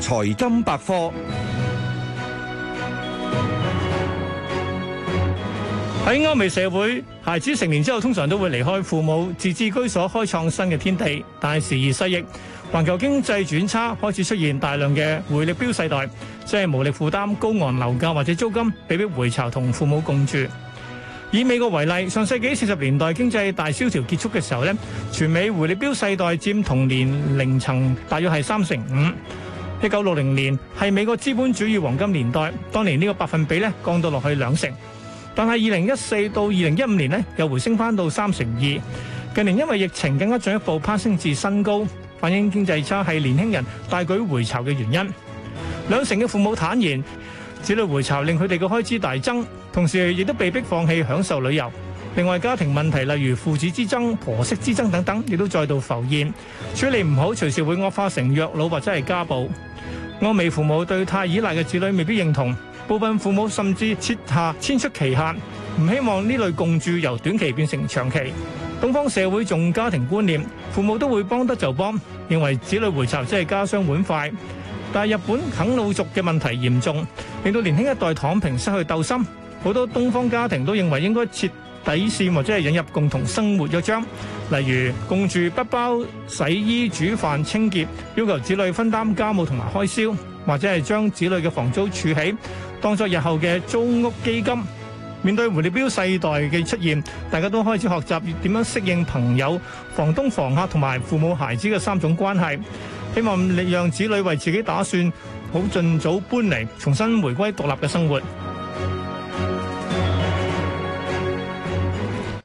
財金百科，喺歐美社會，孩子成年之後通常都會離開父母自治居所，開創新嘅天地。但係時移世易，環球經濟轉差，開始出現大量嘅回力鏢世代，即係無力負擔高昂樓價或者租金，被迫回巢同父母共住。以美國為例，上世紀四十年代經濟大蕭條結束嘅時候呢，全美回力鏢世代佔同年齡層大約係三成五。一九六零年係美國資本主義黃金年代，當年呢個百分比呢降到落去兩成，但係二零一四到二零一五年呢又回升翻到三成二。近年因為疫情更加進一步攀升至新高，反映經濟差係年輕人大舉回巢嘅原因。兩成嘅父母坦言，子女回巢令佢哋嘅開支大增，同時亦都被迫放棄享受旅遊。另外家庭問題，例如父子之爭、婆媳之爭等等，亦都再度浮現。處理唔好，隨時會惡化成虐老或者係家暴。歐美父母對太依賴嘅子女未必認同，部分父母甚至設下遷出期限，唔希望呢類共住由短期變成長期。東方社會重家庭觀念，父母都會幫得就幫，認為子女回巢即係加雙碗筷。但係日本啃老族嘅問題嚴重，令到年輕一代躺平，失去鬥心。好多東方家庭都認為應該設底線或者係引入共同生活一章，例如共住不包洗衣、煮飯、清潔，要求子女分擔家務同埋開銷，或者係將子女嘅房租儲起，當作日後嘅租屋基金。面對回力鏢世代嘅出現，大家都開始學習點樣適應朋友、房東、房客同埋父母、孩子嘅三種關係。希望令讓子女為自己打算，好盡早搬離，重新迴歸獨立嘅生活。